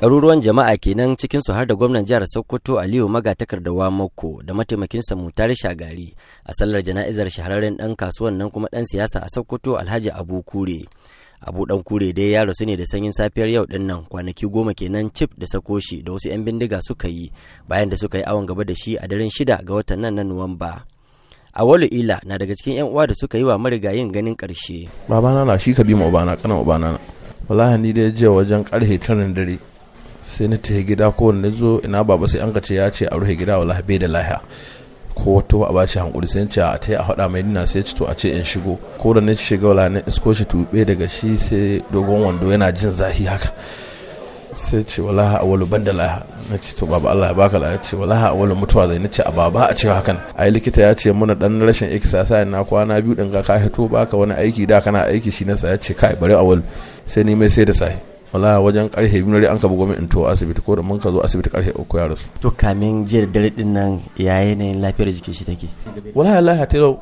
ɗaruruwan jama'a kenan cikin su har da gwamnan jihar sokoto aliyu wa mako da mataimakin mataimakinsa mutare shagari a sallar jana'izar shahararren ɗan kasuwan nan kuma ɗan siyasa a sokoto alhaji abu kure abu ɗan kure dai ya rasu ne da sanyin safiyar yau ɗin nan kwanaki goma kenan cif da sakoshi da wasu 'yan bindiga suka yi bayan da suka yi awon gaba da shi a daren shida ga watan nan na nuwamba A awalu ila na daga cikin 'yan uwa da suka yi wa marigayin ganin ƙarshe babana na shi ka bi ma ubana kana ubana na wallahi ni dai je wajen karhe tarin dare sai ni ta gida ko wani zo ina baba sai an ce ya ce a rufe gida wallahi bai da lahiya ko to a bashi hankuri sai ce a ta a faɗa mai nina sai ci to a ce in shigo ko da na shiga wallahi ne isko shi tube daga shi sai dogon wando yana jin zafi haka sai ce wala a walu ban da laha na ce to baba Allah ya baka laha ce wala a walu mutuwa zai ni ce a baba a ce hakan a yi likita ya ce muna dan rashin exercise na kwana biyu din ga ka hito baka wani aiki da kana aiki shi na sa ya ce kai bari a walu sai ni mai sai da sai wala wajen karfe biyu an ka bugo in to asibiti ko da mun ka zo asibiti karfe uku ya rasu to kamin jiya da dare din nan yanayin lafiyar jiki shi take wala ya lafiya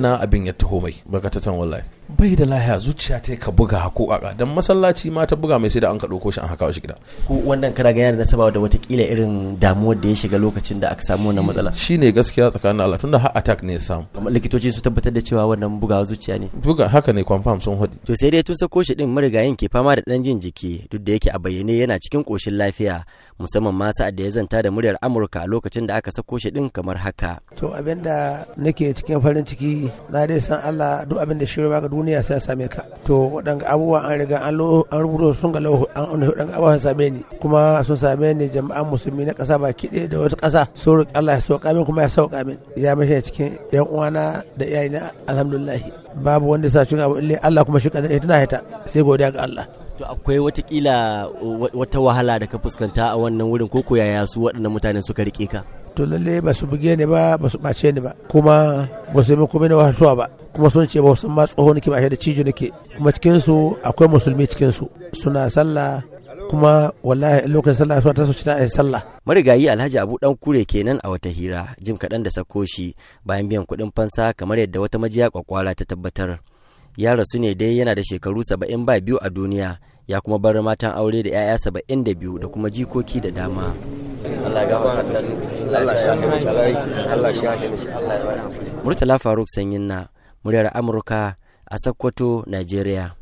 na abin ya taho mai baka ta tan wallahi bai da lahiya zuciya ta ka buga ko aka dan masallaci ma ta buga mai sai da an ka dauko shi an haka shi gida ko wannan kana ganin da nasaba da watakila irin damuwar da ya shiga lokacin da aka samu wannan matsala shine gaskiya tsakanin Allah tunda har attack ne ya samu likitoci su tabbatar da cewa wannan buga zuciya ne buga haka ne confirm sun hudu to sai dai tun sako shi din marigayin ke fama da dan jin jiki duk da yake a bayyane yana cikin koshin lafiya musamman ma sa'ad da ya zanta da muryar Amurka lokacin da aka sako shi din kamar haka to abinda nake cikin farin ciki ciki na dai san Allah duk abin da shirya ga duniya sai same ka to waɗanga abubuwa an riga an lo an rubuto sun ga lauhu an waɗanga abubuwa same ni kuma sun same ni jama'an musulmi na ƙasa baki ɗaya da wata ƙasa sun roƙi Allah ya sauƙa min kuma ya sauƙa min ya mashi cikin ƴan uwana da iyayena alhamdulillah babu wanda sa cikin abu Allah kuma shi kadan ita na haita sai godiya ga Allah to akwai watakila wata wahala da ka fuskanta a wannan wurin koko yaya su waɗannan mutanen suka rike ka to lalle ba su buge ni ba ba su ɓace ni ba kuma ba su yi komai na wasu ba kuma sun ce ba sun ma tsoho nake ba da cijo nake kuma cikin su akwai musulmi cikin su suna sallah kuma wallahi lokacin sallah suna ta su ta sallah marigayi alhaji abu dan kure kenan a wata hira jim kaɗan da sako shi bayan biyan kuɗin fansa kamar yadda wata majiya kwakwara ta tabbatar ya rasu ne dai yana da shekaru saba'in ba biyu a duniya ya kuma bar matan aure da 'ya'ya saba'in da biyu da kuma jikoki da dama Murtala Faruk Sanyin na muryar Amurka a Sokoto, Najeriya.